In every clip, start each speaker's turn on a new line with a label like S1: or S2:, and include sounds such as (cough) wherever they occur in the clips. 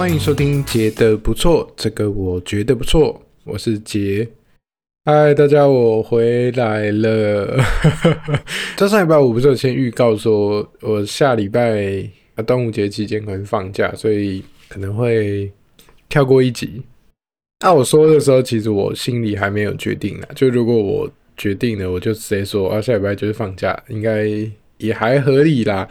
S1: 歡迎收聽，傑的不錯，這個我覺得不錯，我是傑。嗨，大家，我回來了。 (laughs) 這上禮拜我不是有先預告說，我下禮拜啊，端午節期間可能放假，所以可能會跳過一集。那我說的時候，其實我心裡還沒有決定呢。就如果我決定了，我就直接說啊，下禮拜就是放假，應該也還合理啦。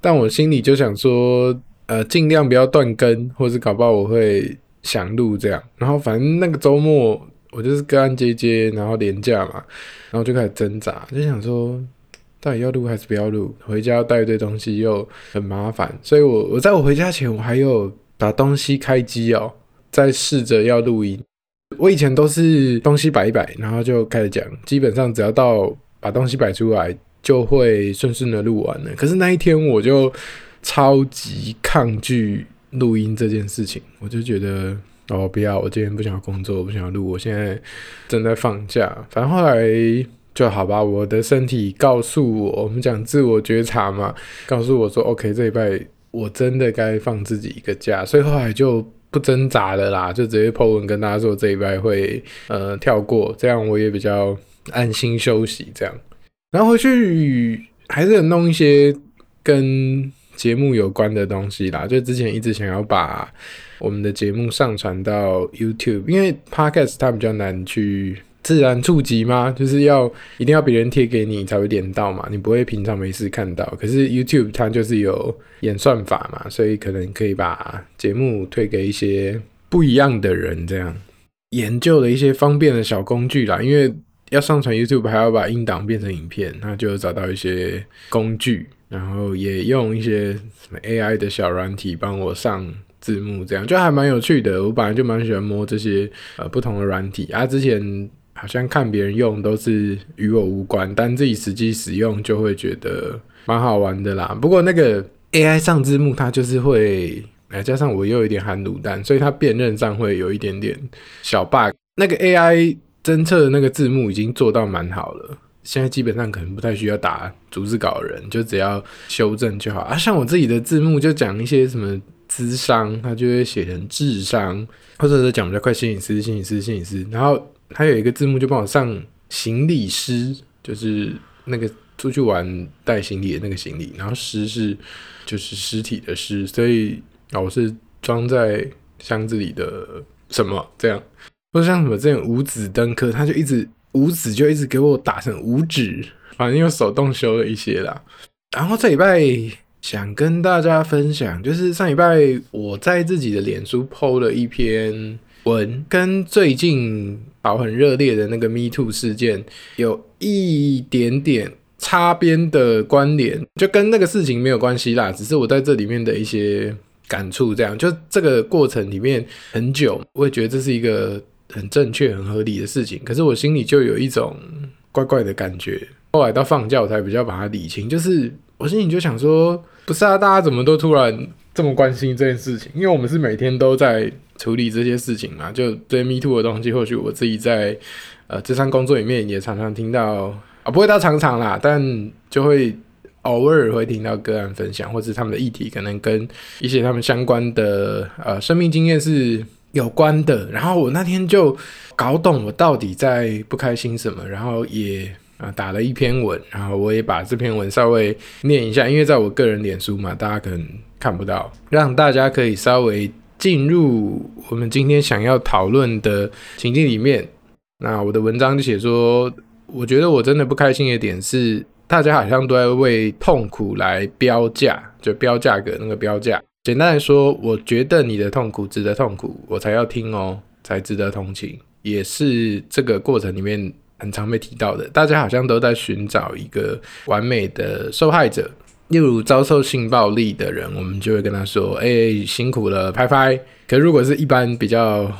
S1: 但我心裡就想說。呃，儘量不要斷更，或者搞不好我會想錄這樣。然後反正那個周末我就是干干接接，然後連假嘛，然後就開始掙扎，就想說到底要錄還是不要錄？回家要帶一堆東西又很麻煩，所以我我在我回家前，我還有把東西開機哦，再試着要錄音。我以前都是東西擺一擺，然後就開始講，基本上只要到把東西擺出來，就會順順的錄完了。可是那一天我就。超級抗拒錄音這件事情，我就覺得哦，不要，我今天不想要工作，我不想錄。我現在正在放假，反正後來就好吧。我的身體告訴我，我們講自我覺察嘛，告訴我說 OK，這一拜我真的該放自己一個假，所以後來就不掙扎了啦，就直接 po 文跟大家說這一拜會呃跳過，這樣我也比較安心休息。這樣，然後回去還是弄一些跟節目有關的東西啦，就之前一直想要把我們的節目上傳到 YouTube，因為 Podcast 它比較難去自然觸及嘛，就是要一定要別人貼給你才會點到嘛，你不會平常沒事看到。可是 YouTube 它就是有演算法嘛，所以可能可以把節目推給一些不一樣的人這樣。研究了一些方便的小工具啦，因為要上傳 YouTube 還要把音檔變成影片，那就有找到一些工具。然後也用一些什麼 AI 的小軟體幫我上字幕，這樣就還蠻有趣的。我本來就蠻喜歡摸這些呃，不同的軟體啊，之前好像看別人用都是與我無關，但自己實際使用就會覺得蠻好玩的啦。不過那個 AI 上字幕它就是會，欸，加上我又有一點含滷蛋，所以它辨認上會有一點點小 bug。那個 AI 偵測的那個字幕已經做到蠻好了。現在基本上可能不太需要打逐字稿的人，就只要修正就好。啊，像我自己的字幕就講一些什麼諮商，他就會寫成智商，或者是講比較快心理。心理師，心理師，心理師。然後他有一個字幕就幫我上行李屍，就是那個出去玩帶行李的那個行李。然後屍是就是屍體的屍。所以啊、哦，我是裝在箱子裡的什麼這樣，或者像什麼這種五子登科，他就一直。五指，就一直給我打成五指，反正又手動修了一些啦。然後這禮拜想跟大家分享，就是上禮拜我在自己的臉書 PO 了一篇文，跟最近搞很熱烈的那個 Me Too 事件有一點點擦邊的關聯，就跟那個事情沒有關係啦，只是我在這裡面的一些感觸。這樣就這個過程裡面很久，我會覺得這是一個。很正確、很合理的事情，可是我心裡就有一種怪怪的感覺。後來到放假，我才比較把它理清。就是我心裡就想說，不是啊，大家怎麼都突然這麼關心這件事情？因為我們是每天都在處理這些事情嘛。就對 Me Too 的東西，或許我自己在呃諮商工作裡面也常常聽到啊、哦，不會到常常啦，但就會偶爾會聽到個案分享，或者他們的議題可能跟一些他們相關的呃生命經驗是。有關的，然後我那天就搞懂我到底在不開心什麼，然後也啊打了一篇文，然後我也把這篇文稍微念一下，因為在我個人臉書嘛，大家可能看不到，讓大家可以稍微進入我們今天想要討論的情境裡面。那我的文章就寫說，我覺得我真的不開心的點是，大家好像都在為痛苦來標價，就標價格，那個標價。簡單來說，我覺得你的痛苦值得痛苦，我才要聽哦、喔，才值得同情，也是這個過程裡面很常被提到的。大家好像都在尋找一個完美的受害者，例如遭受性暴力的人，我們就會跟他說：“哎、欸，辛苦了，拍拍。”可如果是一般比較，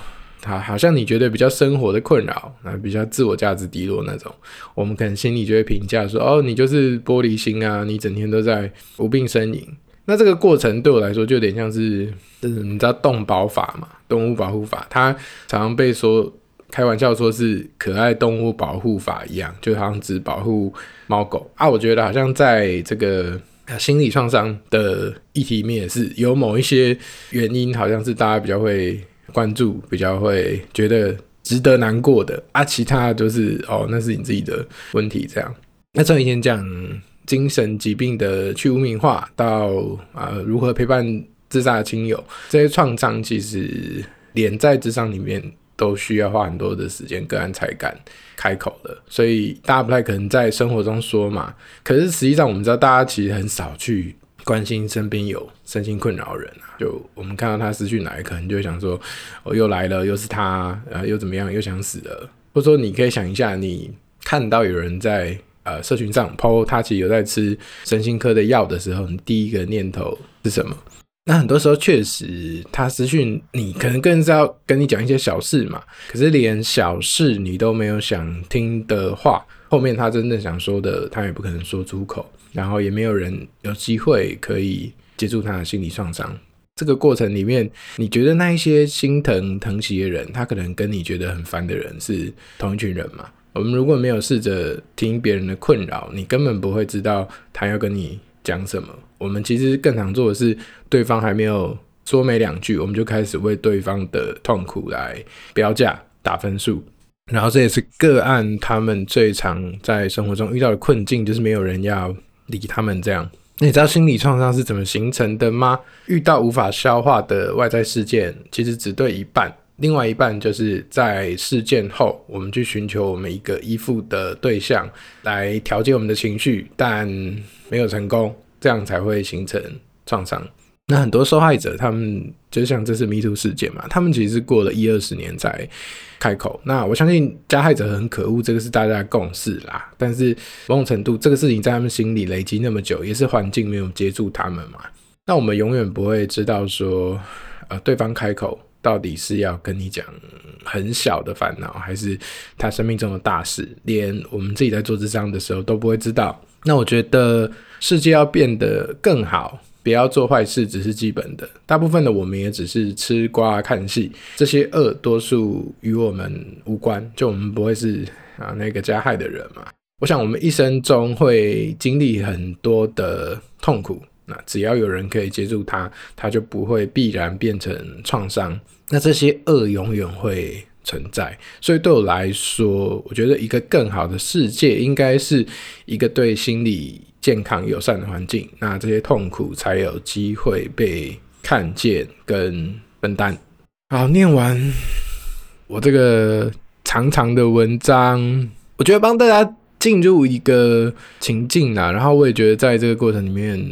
S1: 他好像你覺得比較生活的困擾啊，比較自我價值低落那種，我們可能心裡就會評價說：“哦，你就是玻璃心啊，你整天都在無病呻吟。”那這個過程對我來說就有點像是，你知道動保法嘛，動物保護法，它常常被說開玩笑說是可愛動物保護法一樣，就好像只保護貓狗啊。我覺得好像在這個心理創傷的議題裡面也是有某一些原因，好像是大家比較會關注，比較會覺得值得難過的啊。其他就是哦，那是你自己的問題這樣。那樣以先這樣。精神疾病的去污名化，到啊、呃，如何陪伴自殺的親友，這些創傷其實連在諮商裡面都需要花很多的時間，跟安全感才敢開口的。所以大家不太可能在生活中說嘛。可是實際上，我們知道大家其實很少去關心身邊有身心困擾的人啊。就我們看到他失去哪一刻，你就會想說，我、哦、又來了，又是他，然、呃、後又怎麼樣，又想死了。或者說，你可以想一下，你看到有人在。呃，社群上，po，他其實有在吃身心科的藥的時候，你第一個念頭是什麼？那很多時候確實，他私訊你，可能更是要跟你講一些小事嘛，可是連小事你都沒有想聽的話，後面他真正想說的，他也不可能說出口，然後也沒有人有機會可以接住他的心理創傷。這個過程裡面，你覺得那一些心疼疼惜的人，他可能跟你覺得很煩的人是同一群人嗎？我們如果沒有試着聽別人的困擾，你根本不會知道他要跟你講什麼。我們其實更常做的是，對方還沒有說沒兩句，我們就開始為對方的痛苦來標價、打分數。然後這也是個案，他們最常在生活中遇到的困境，就是沒有人要理他們這樣。你知道心理創傷是怎麼形成的嗎？遇到無法消化的外在事件，其實只對一半。另外一半就是在事件後，我們去尋求我們一個依附的對象來調節我們的情緒，但沒有成功，這樣才會形成創傷。那很多受害者，他們就像這次 MeToo 事件嘛，他們其實過了一二十年才開口。那我相信加害者很可惡，這個是大家的共識啦。但是某種程度，這個事情在他們心裡累積那麼久，也是環境沒有接住他們嘛。那我們永遠不會知道說，呃，對方開口。到底是要跟你講很小的煩惱，還是他生命中的大事？連我們自己在做諮商的時候都不會知道。那我覺得世界要變得更好，不要做壞事，只是基本的。大部分的我們也只是吃瓜看戲，這些惡多數與我們無關，就我們不會是啊那個加害的人嘛。我想我們一生中會經歷很多的痛苦。那只要有人可以接住它，它就不會必然變成創傷。那這些惡永遠會存在，所以對我來說，我覺得一個更好的世界，應該是一個對心理健康友善的環境。那這些痛苦才有機會被看見跟分擔。好，念完我這個長長的文章，我覺得幫大家，進入一個情境啦、啊，然後我也覺得在這個過程裡面，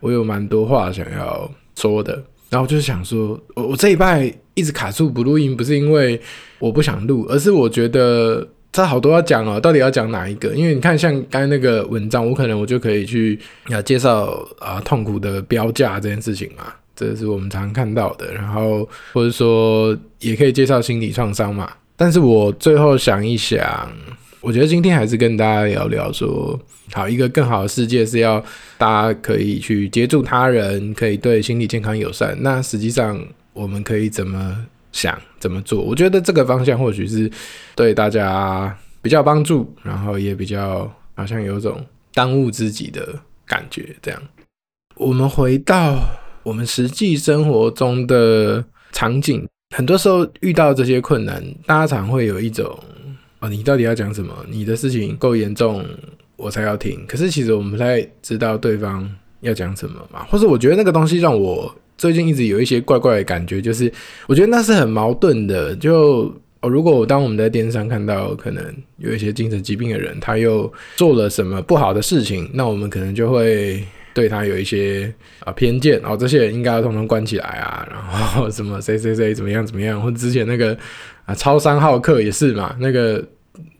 S1: 我有蠻多話想要說的，然後就是想說，我我這一拜一直卡住不錄音，不是因為我不想錄，而是我覺得這好多要講哦，到底要講哪一個？因為你看，像剛才那個文章，我可能我就可以去要介紹啊痛苦的標價這件事情嘛，這是我們常常看到的，然後或者說也可以介紹心理創傷嘛，但是我最後想一想。我覺得今天還是跟大家聊聊說，說好一個更好的世界是要大家可以去接住他人，可以對心理健康友善。那實際上我們可以怎麼想怎麼做？我覺得這個方向或許是對大家比較幫助，然後也比較好像有一種當務之急的感覺。這樣，我們回到我們實際生活中的場景，很多時候遇到這些困難，大家常會有一種。哦，你到底要講什麼？你的事情夠嚴重，我才要聽。可是其實我們不太知道對方要講什麼嘛，或是我覺得那個東西讓我最近一直有一些怪怪的感覺，就是我覺得那是很矛盾的。就哦，如果當我們在電視上看到可能有一些精神疾病的人，他又做了什麼不好的事情，那我們可能就會對他有一些啊偏見哦，這些人應該要統統關起來啊，然後什麼誰誰誰怎麼樣怎麼樣，或者之前那個。啊，超三號客也是嘛，那個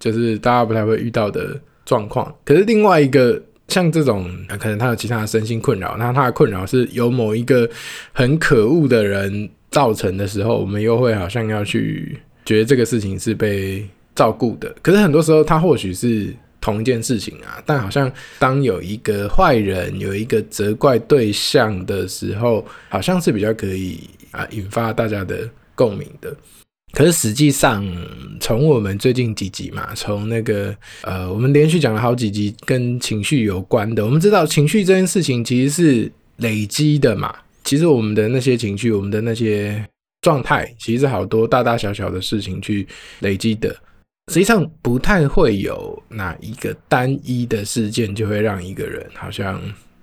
S1: 就是大家不太會遇到的狀況。可是另外一個像這種，啊，可能他有其他的身心困擾，那他的困擾是由某一個很可惡的人造成的時候，我們又會好像要去覺得這個事情是被照顧的。可是很多時候，他或許是同一件事情啊，但好像當有一個壞人，有一個責怪對象的時候，好像是比較可以啊，引發大家的共鳴的。可是實際上，從我們最近幾集嘛，從那個呃，我們連續講了好幾集跟情緒有關的。我們知道情緒這件事情其實是累積的嘛。其實我們的那些情緒，我們的那些狀態，其實好多大大小小的事情去累積的。實際上不太會有哪一個單一的事件就會讓一個人好像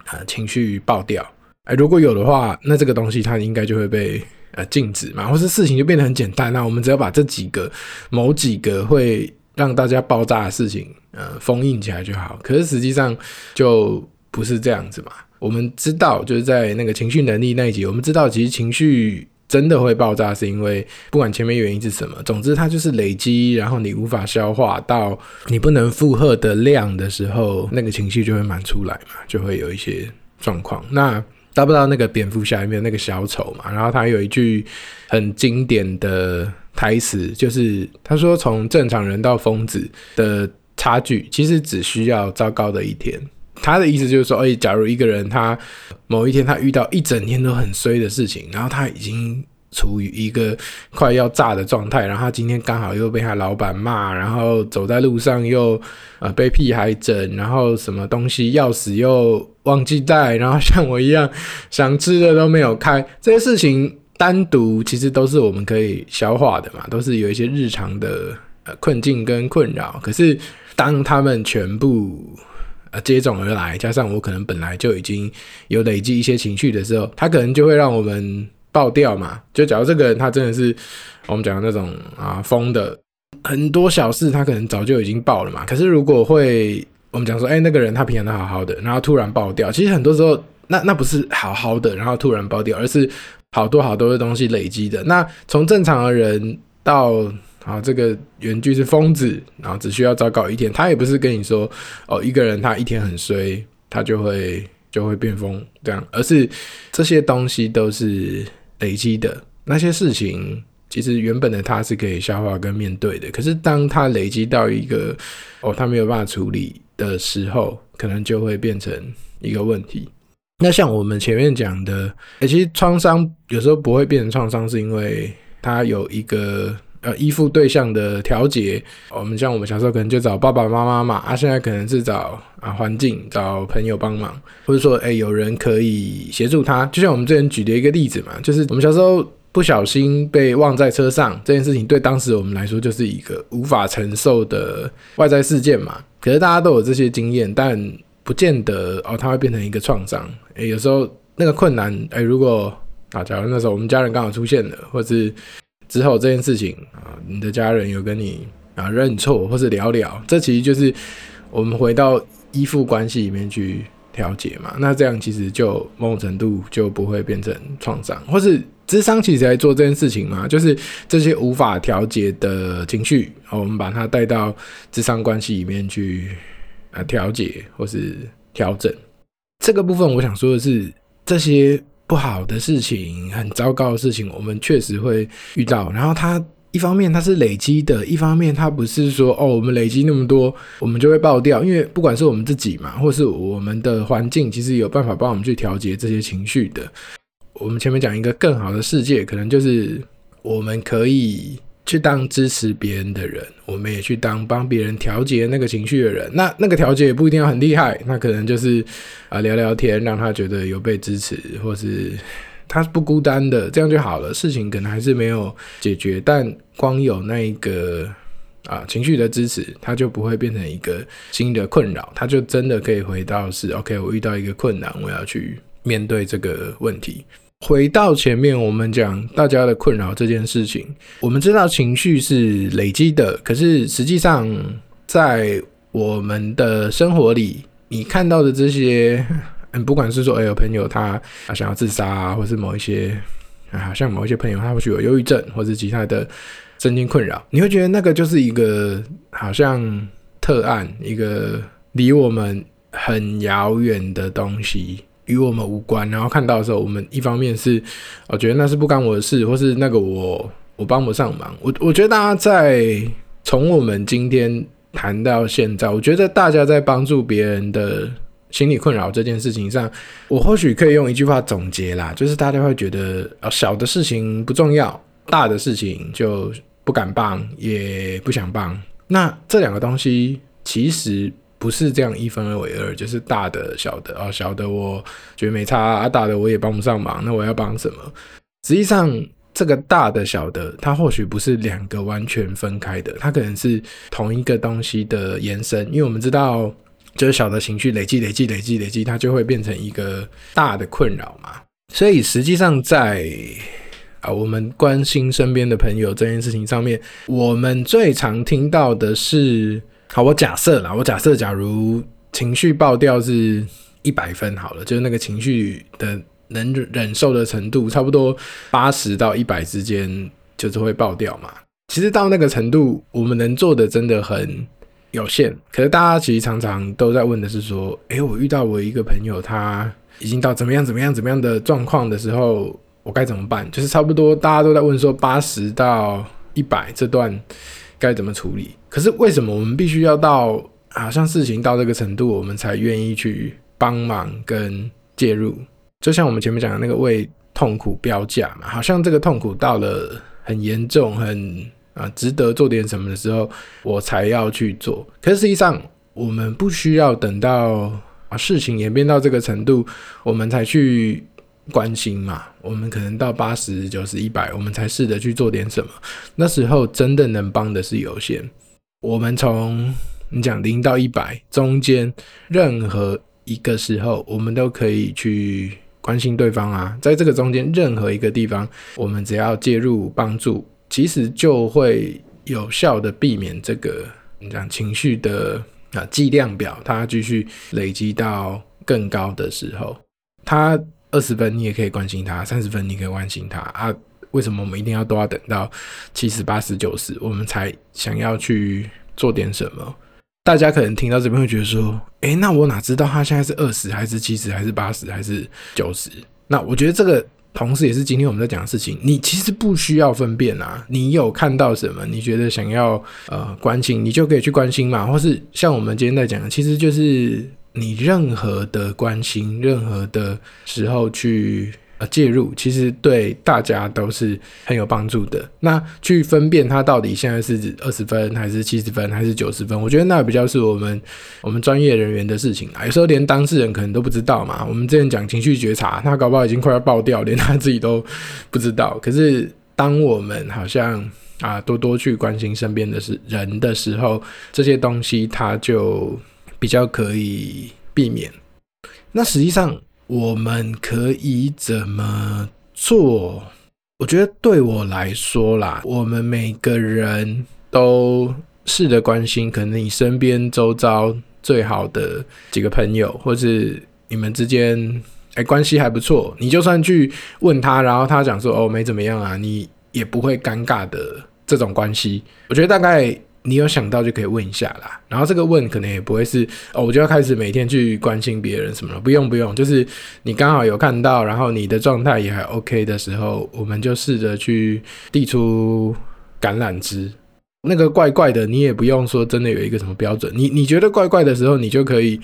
S1: 啊情緒爆掉。哎，如果有的話，那這個東西它應該就會被。呃，禁止嘛，或是事情就變得很簡單，那我們只要把這幾個、某幾個會讓大家爆炸的事情，呃，封印起來就好。可是實際上就不是這樣子嘛。我們知道，就是在那個情緒能力那一集，我們知道其實情緒真的會爆炸，是因為不管前面原因是什麼，總之它就是累積，然後你無法消化到你不能負荷的量的時候，那個情緒就會滿出來嘛，就會有一些狀況。那。搭不到那個蝙蝠俠裡面那個小丑嘛，然後他有一句很經典的台詞，就是他說，從正常人到瘋子的差距，其實只需要糟糕的一天。他的意思就是說，哎、欸，假如一個人他某一天他遇到一整天都很衰的事情，然後他已經。處於一個快要炸的狀態，然後他今天剛好又被他老闆罵，然後走在路上又，呃，被屁孩整，然後什麼東西鑰匙又忘記帶，然後像我一樣想吃的都沒有開。這些事情單獨其實都是我們可以消化的嘛，都是有一些日常的呃困境跟困擾。可是當他們全部呃接踵而來，加上我可能本來就已經有累積一些情緒的時候，它可能就會讓我們爆掉嘛。就假如這個人他真的是我們講的那種啊瘋的，很多小事他可能早就已經爆了嘛。可是如果會我們講說，哎、欸，那個人他平常都好好的，然後突然爆掉，其實很多時候那那不是好好的，然後突然爆掉，而是好多好多的東西累積的。那從正常的人到啊這個原句是瘋子，然後只需要糟糕一天，他也不是跟你說哦一個人他一天很衰，他就會就會變瘋這樣，而是這些東西都是。累積的那些事情，其實原本的他是可以消化跟面對的。可是當他累積到一個，哦，他沒有辦法處理的時候，可能就會變成一個問題。那像我們前面講的，欸，其實創傷有時候不會變成創傷，是因為他有一個。呃，依附對象的調節，哦，我們像我們小時候可能就找爸爸媽媽嘛，啊，現在可能是找啊環境、找朋友幫忙，或者說，誒，有人可以協助他。就像我們之前舉的一個例子嘛，就是我們小時候不小心被忘在車上這件事情，對當時我們來說就是一個無法承受的外在事件嘛。可是大家都有這些經驗，但不見得哦，它會變成一個創傷。誒，有時候那個困難，誒，如果啊，假如那時候我們家人剛好出現了，或是。之後這件事情啊，你的家人有跟你啊認錯，或是聊聊，這其實就是我們回到依附關係裡面去調節嘛。那這樣其實就某種程度就不會變成創傷，或是諮商其實在做這件事情嘛。就是這些無法調節的情緒，我們把它帶到諮商關係裡面去啊調節或是調整。這個部分我想說的是這些。不好的事情，很糟糕的事情，我們確實會遇到。然後它，一方面它是累積的，一方面它不是說哦，我們累積那麼多，我們就會爆掉。因為不管是我們自己嘛，或是我們的環境，其實有辦法幫我們去調節這些情緒的。我們前面講一個更好的世界，可能就是我們可以。去當支持別人的人，我們也去當幫別人調節那個情緒的人。那那個調節也不一定要很厲害，那可能就是啊、呃、聊聊天，讓他覺得有被支持，或是他不孤單的，這樣就好了。事情可能還是沒有解決，但光有那一個啊、呃、情緒的支持，他就不會變成一個新的困擾，他就真的可以回到是 OK，我遇到一個困難，我要去面對這個問題。回到前面，我們講大家的困擾這件事情，我們知道情緒是累積的，可是實際上在我們的生活裡，你看到的這些，嗯、欸，不管是說哎有、欸、朋友他他想要自殺啊，或是某一些啊，好像某一些朋友他或許有憂鬱症，或是其他的身心困擾，你會覺得那個就是一個好像特案，一個離我們很遙遠的東西。與我們無關。然後看到的時候，我們一方面是我覺得那是不干我的事，或是那個我我幫不上忙。我我覺得大家在從我們今天談到現在，我覺得大家在幫助別人的心理困擾這件事情上，我或許可以用一句話總結啦，就是大家會覺得啊，小的事情不重要，大的事情就不敢幫也不想幫。那這兩個東西其實。不是這樣一分為二，就是大的小的啊、哦，小的我覺得沒差，啊、大的我也幫不上忙，那我要幫什麼？實際上，這個大的小的，它或許不是兩個完全分開的，它可能是同一個東西的延伸。因為我們知道，就是小的情緒累積、累積、累積、累積，它就會變成一個大的困擾嘛。所以，實際上在啊，我們關心身邊的朋友這件事情上面，我們最常聽到的是。好，我假設啦，我假設，假如情緒爆掉是一百分好了，就是那個情緒的能忍受的程度，差不多八十到一百之間就是會爆掉嘛。其實到那個程度，我們能做的真的很有限。可是大家其實常常都在問的是說，誒，我遇到我一個朋友，他已經到怎麼樣怎麼樣怎麼樣的狀況的時候，我該怎麼辦？就是差不多大家都在問說，八十到一百這段該怎麼處理？可是為什麼我們必須要到好像事情到這個程度，我們才願意去幫忙跟介入？就像我們前面講的那個為痛苦標價嘛，好像這個痛苦到了很嚴重、很啊值得做點什麼的時候，我才要去做。可是實際上，我們不需要等到啊事情演變到這個程度，我們才去關心嘛。我們可能到八十、九十、一百，我們才試着去做點什麼。那時候真的能幫的是有限。我們從你講零到一百中間任何一個時候，我們都可以去關心對方啊。在這個中間任何一個地方，我們只要介入幫助，其實就會有效地避免這個你講情緒的啊計量表它繼續累積到更高的時候。它二十分你也可以關心他，三十分你可以關心他啊。它為什麼我們一定要都要等到七十、八十、九十，我們才想要去做點什麼？大家可能聽到這邊會覺得說：“誒、欸，那我哪知道他現在是二十還是七十還是八十還是九十？”那我覺得這個同時也是今天我們在講的事情。你其實不需要分辨啊，你有看到什麼，你覺得想要呃關心，你就可以去關心嘛。或是像我們今天在講的，其實就是你任何的關心，任何的時候去。介入其實對大家都是很有幫助的。那去分辨他到底現在是二十分還是七十分還是九十分，我覺得那比較是我們我們專業人員的事情啊。有時候連當事人可能都不知道嘛。我們之前講情緒覺察，那搞不好已經快要爆掉，連他自己都不知道。可是當我們好像啊多多去關心身邊的是人的時候，這些東西他就比較可以避免。那實際上。我們可以怎麼做？我覺得對我來說啦，我們每個人都試着關心，可能你身邊周遭最好的幾個朋友，或是你們之間哎、欸、關係還不錯，你就算去問他，然後他講說，哦，沒怎麼樣啊，你也不會尷尬的這種關係。我覺得大概。你有想到就可以問一下啦，然後這個問可能也不會是哦，我就要開始每天去關心別人什麼了，不用不用，就是你剛好有看到，然後你的狀態也還 OK 的時候，我們就試着去遞出橄欖枝。那個怪怪的，你也不用說真的有一個什麼標準，你你覺得怪怪的時候，你就可以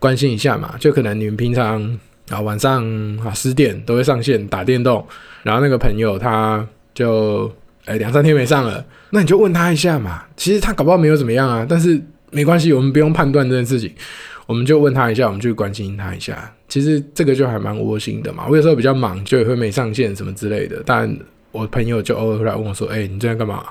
S1: 關心一下嘛。就可能你們平常啊，晚上啊，十點都會上線打電動，然後那個朋友他就。兩三天沒上了，那你就問他一下嘛。其實他搞不好沒有怎麼樣啊，但是沒關係，我們不用判斷這件事情，我們就問他一下，我們就關心他一下。其實這個就還蠻窩心的嘛。我有時候比較忙，就也會沒上線什麼之類的，但我朋友就偶爾會來問我說：“哎、欸，你在幹嘛？”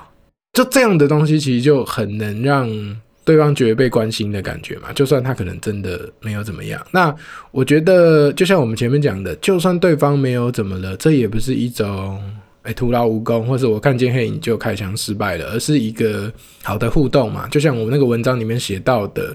S1: 就這樣的東西，其實就很能讓對方覺得被關心的感覺嘛。就算他可能真的沒有怎麼樣，那我覺得就像我們前面講的，就算對方沒有怎麼了，這也不是一種。哎，徒勞無功，或者我看見黑影就開槍失敗了，而是一個好的互動嘛。就像我們那個文章裡面寫到的，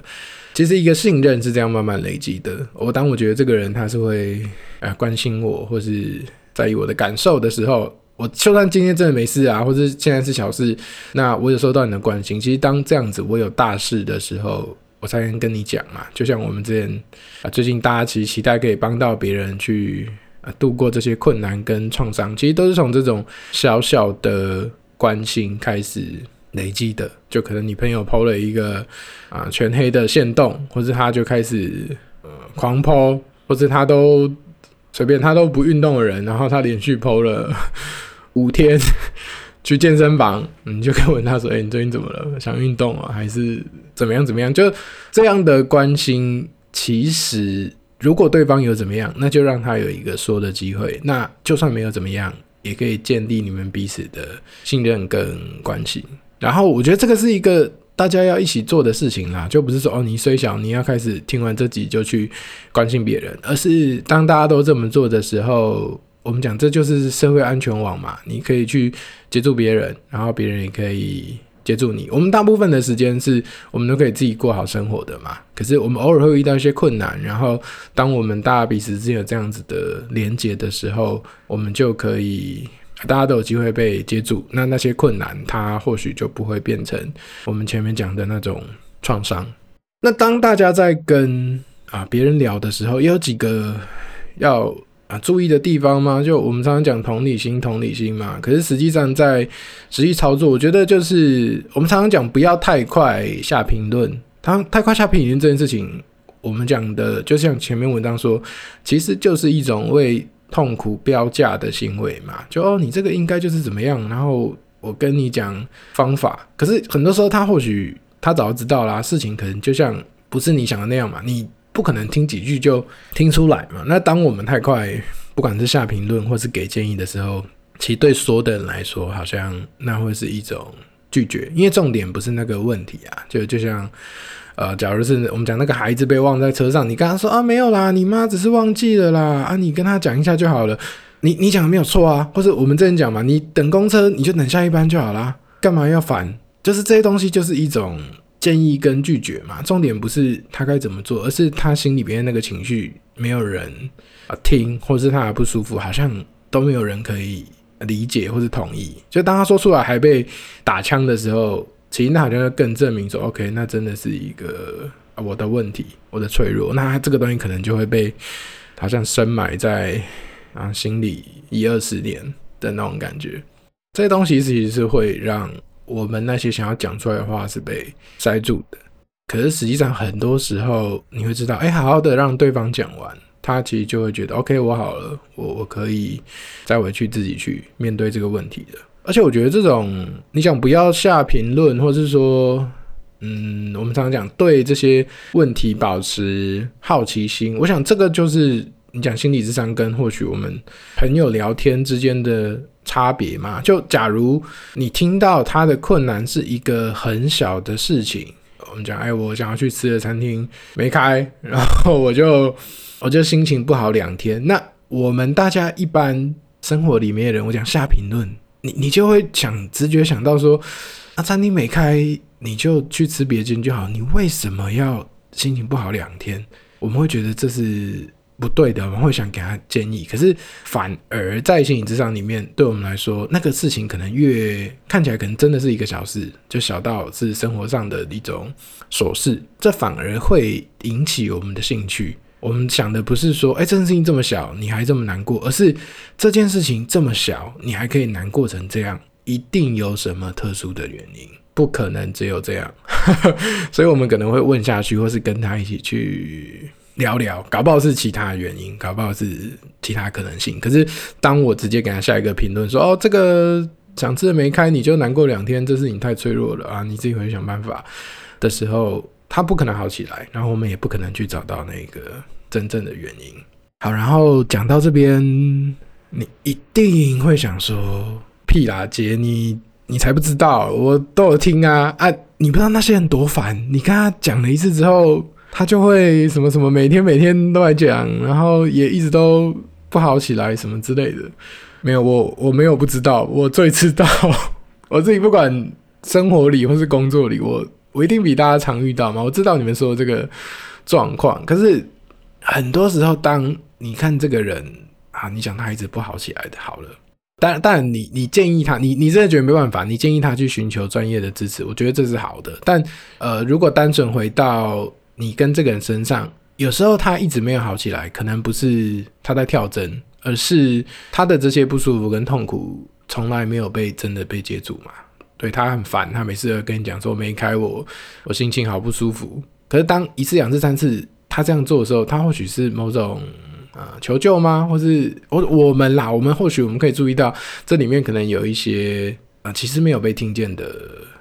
S1: 其實一個信任是這樣慢慢累積的。我、哦、當我覺得這個人他是會哎、呃、關心我，或是在意我的感受的時候，我就算今天真的沒事啊，或者現在是小事，那我有收到你的關心。其實當這樣子我有大事的時候，我才能跟你講嘛。就像我們之前啊，最近大家其實期待可以幫到別人去。度過這些困難跟創傷，其實都是從這種小小的關心開始累積的。就可能你朋友 po 了一個啊、呃、全黑的限動，或是他就開始呃狂 po，或是他都隨便他都不運動的人，然後他連續 po 了五天去健身房，你就可以問他說：“哎、欸，你最近怎麼了？想運動啊，還是怎麼樣怎麼樣？”就這樣的關心，其實。如果對方有怎麼樣，那就讓他有一個說的機會。那就算沒有怎麼樣，也可以建立你們彼此的信任跟關係。然後我覺得這個是一個大家要一起做的事情啦，就不是說哦，你衰小，你要開始聽完這集就去關心別人，而是當大家都這麼做的時候，我們講這就是社會安全網嘛。你可以去接住別人，然後別人也可以接住你，我們大部分的時間是我們都可以自己過好生活的嘛。可是我們偶爾會遇到一些困難，然後當我們大家彼此之間有這樣子的連接的時候，我們就可以大家都有機會被接住。那那些困難，它或許就不會變成我們前面講的那種創傷。那當大家在跟啊別人聊的時候，也有幾個要。啊，注意的地方嗎？就我們常常講同理心，同理心嘛。可是實際上在實際操作，我覺得就是我們常常講不要太快下評論。他太快下評論這件事情，我們講的就像前面文章說，其實就是一種為痛苦標價的行為嘛。就哦，你這個應該就是怎麼樣，然後我跟你講方法。可是很多時候他或許他早就知道啦，事情可能就像不是你想的那樣嘛。你，不可能聽幾句就聽出來嘛。那當我們太快，不管是下評論或是給建議的時候，其實對說的人來說，好像那會是一種拒絕，因為重點不是那個問題啊。就就像呃，假如是我們講那個孩子被忘在車上，你跟他說啊，沒有啦，你媽只是忘記了啦，啊，你跟他講一下就好了。你你講的沒有錯啊，或者我們這樣講嘛，你等公車你就等下一班就好啦。幹嘛要煩？就是這些東西就是一種。建議跟拒絕嘛，重點不是他該怎麼做，而是他心裡邊那個情緒沒有人啊聽，或是他不舒服，好像都沒有人可以、啊、理解或是同意。就當他說出來還被打槍的時候，其實那好像更證明說，OK，那真的是一個、啊、我的問題，我的脆弱，那這個東西可能就會被好像深埋在啊心裡一二十年的那種感覺。這些東西其實是會讓。我們那些想要講出來的話是被塞住的，可是實際上很多時候你會知道，哎、欸，好好的讓對方講完，他其實就會覺得，OK，我好了，我我可以再回去自己去面對這個問題的。而且我覺得這種，你想不要下評論，或是說，嗯，我們常常講，對這些問題保持好奇心，我想這個就是。你講心理諮商跟或許我們朋友聊天之間的差別嘛。就假如你聽到他的困難是一個很小的事情，我們講哎，我想要去吃的餐廳沒開，然後我就我就心情不好兩天。那我們大家一般生活裡面的人，我講下評論，你你就會想直覺想到說，那餐廳沒開，你就去吃別間就好，你為什麼要心情不好兩天？我們會覺得這是。不對的，我們會想給他建議，可是反而在心理職場裡面，對我們來說，那個事情可能越看起來可能真的是一個小事，就小到是生活上的一種瑣事，這反而會引起我們的興趣。我們想的不是說，哎，這件事情這麼小，你還這麼難過，而是這件事情這麼小，你還可以難過成這樣，一定有什麼特殊的原因，不可能只有這樣， (laughs) 所以我們可能會問下去，或是跟他一起去。聊聊，搞不好是其他原因，搞不好是其他可能性。可是，當我直接給他下一個評論說：“哦，這個想吃的沒開，你就難過兩天，這是你太脆弱了啊，你自己回去想辦法。”的時候，他不可能好起來，然後我們也不可能去找到那個真正的原因。好，然後講到這邊，你一定會想說：“屁啦、啊，姐，你你才不知道，我都有聽啊啊，你不知道那些人多煩，你跟他講了一次之後。”他就會什麼什麼，每天每天都來講，然後也一直都不好起來，什麼之類的。沒有我，我沒有不知道，我最知道。 (laughs) 我自己不管生活裡或是工作裡，我我一定比大家常遇到嘛。我知道你們說的這個狀況，可是很多時候，當你看這個人啊，你想他一直不好起來的，好了，但但你你建議他，你你真的覺得沒辦法，你建議他去尋求專業的支持，我覺得這是好的。但呃，如果單純回到你跟這個人身上，有時候他一直沒有好起來，可能不是他在跳針，而是他的這些不舒服跟痛苦從來沒有被真的被接住嘛。對，他很煩，他每次都跟你講說沒開我，我心情好不舒服。可是當一次、兩次、三次他這樣做的時候，他或許是某種啊、呃、求救嗎？或是我我們啦，我們或許我們可以注意到這裡面可能有一些啊、呃、其實沒有被聽見的。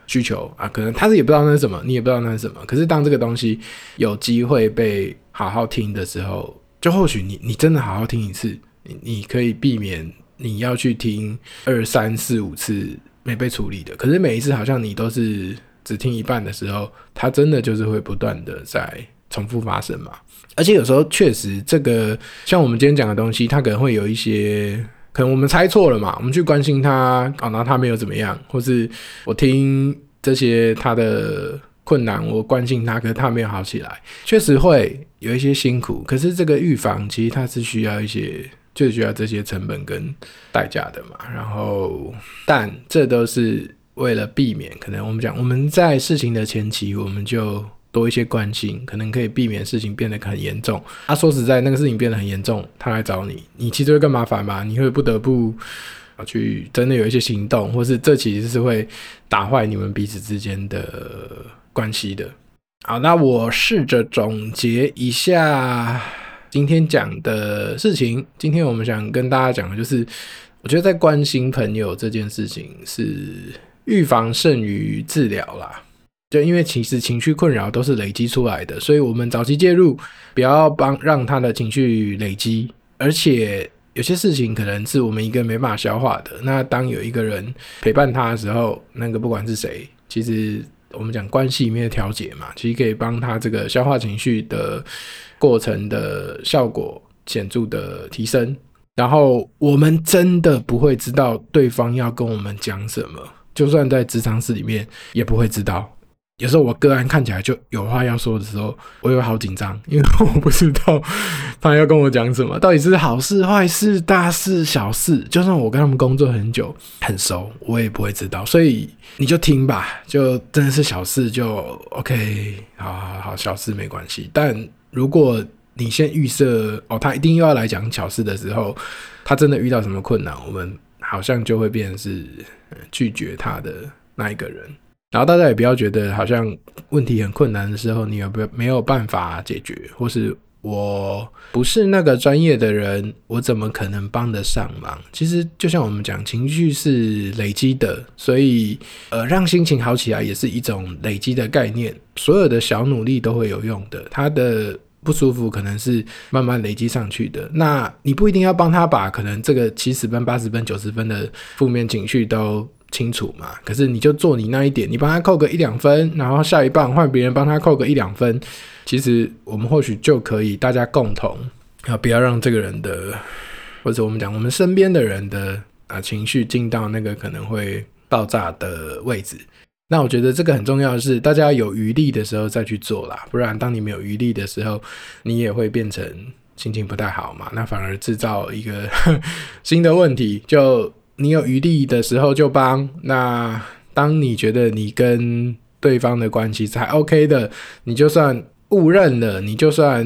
S1: 需求啊，可能他是也不知道那是什麼，你也不知道那是什麼。可是當這個東西有機會被好好聽的時候，就或許你你真的好好聽一次，你你可以避免你要去聽二三四五次沒被處理的。可是每一次好像你都是只聽一半的時候，它真的就是會不斷的在重複發生嘛。而且有時候確實這個像我們今天講的東西，它可能會有一些。可能我們猜錯了嘛，我們去關心他，哦，那他沒有怎麼樣，或是我聽這些他的困難，我關心他，可是他沒有好起來，確實會有一些辛苦。可是這個預防，其實它是需要一些，就是需要這些成本跟代價的嘛。然後，但這都是為了避免，可能我們講，我們在事情的前期，我們就。多一些關心，可能可以避免事情變得很嚴重。他、啊、說實在，那個事情變得很嚴重，他來找你，你其實會更麻煩吧？你會不得不啊去真的有一些行動，或是這其實是會打壞你們彼此之間的關係的。好，那我試着總結一下今天講的事情。今天我們想跟大家講的就是，我覺得在關心朋友這件事情是預防勝於治療啦。就因為其實情緒困擾都是累積出來的，所以我們早期介入，不要幫讓他的情緒累積。而且有些事情可能是我們一個沒辦法消化的。那當有一個人陪伴他的時候，那個不管是誰，其實我們講關係裡面的調節嘛，其實可以幫他這個消化情緒的過程的效果顯著的提升。然後我們真的不會知道對方要跟我們講什麼，就算在職場室裡面也不會知道。有時候我個案，看起來就有話要說的時候，我也會好緊張，因為我不知道他要跟我講什麼，到底是好事壞事、大事小事。就算我跟他們工作很久、很熟，我也不會知道。所以你就聽吧，就真的是小事就 OK，好好好，小事沒關係。但如果你先預設哦，他一定又要來講小事的時候，他真的遇到什麼困難，我們好像就會變成是拒絕他的那一個人。然後大家也不要覺得好像問題很困難的時候，你有沒有沒有辦法解決，或是我不是那個專業的人，我怎麼可能幫得上忙？其實就像我們講，情緒是累積的，所以呃，讓心情好起來也是一種累積的概念。所有的小努力都會有用的，他的不舒服可能是慢慢累積上去的。那你不一定要幫他把可能這個七十分、八十分、九十分的負面情緒都。清楚嘛？可是你就做你那一點，你幫他扣個一兩分，然後下一棒換別人幫他扣個一兩分，其實我們或許就可以大家共同啊，不要讓這個人的或者，我們講我們身邊的人的啊情緒進到那個可能會爆炸的位置。那我覺得這個很重要的是，大家有餘力的時候再去做啦，不然當你沒有餘力的時候，你也會變成心情不太好嘛，那反而製造一個 (laughs) 新的問題就。你有餘力的時候就幫。那當你覺得你跟對方的關係是還 OK 的，你就算誤認了，你就算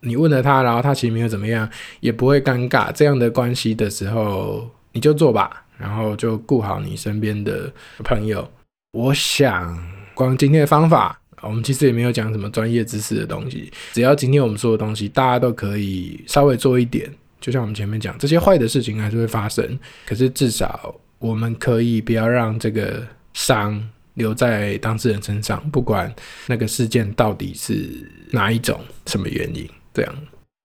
S1: 你問了他，然後他其實沒有怎麼樣，也不會尷尬。這樣的關係的時候，你就做吧，然後就顧好你身邊的朋友。我想，光今天的方法，我們其實也沒有講什麼專業知識的東西。只要今天我們說的東西，大家都可以稍微做一點。就像我們前面講，這些壞的事情還是會發生。可是至少我們可以不要讓這個傷留在當事人身上，不管那個事件到底是哪一種、什麼原因。這樣，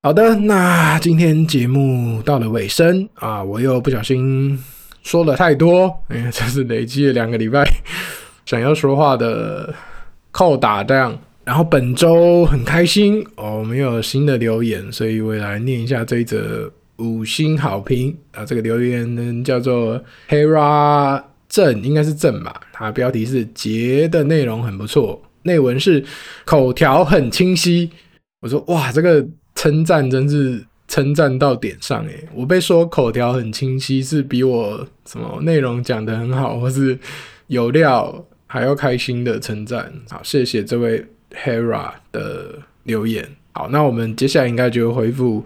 S1: 好的，那今天節目到了尾聲啊，我又不小心說了太多，哎呀，這是累積了兩個禮拜想要說話的扣打這樣。然後本周很開心哦，我們有新的留言，所以我也來念一下這一則五星好評啊。這個留言呢叫做“ Hera 正”，應該是正吧？它的標題是“傑”的內容很不錯，內文是口條很清晰。我說哇，這個稱讚真是稱讚到點上哎！我被說口條很清晰，是比我什麼內容講得很好，或是有料還要開心的稱讚。好，謝謝這位。Hera 的留言，好，那我們接下來應該就會恢復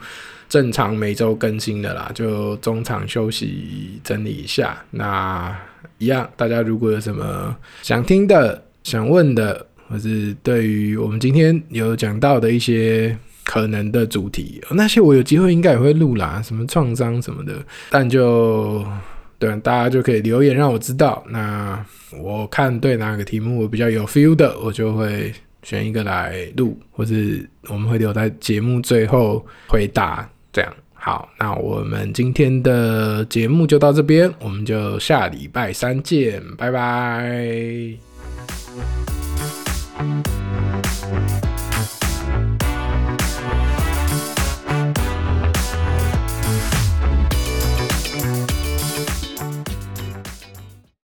S1: 正常每周更新的啦，就中場休息整理一下。那一樣，大家如果有什麼想聽的、想問的，或是對於我們今天有講到的一些可能的主題，那些我有機會應該也會錄啦，什麼創傷什麼的。但就對，大家就可以留言讓我知道。那我看對哪個題目我比較有 feel 的，我就會。選一個來錄，或是我們會留在節目最後回答。這樣。好，那我們今天的節目就到這邊，我們就下禮拜三見，拜拜。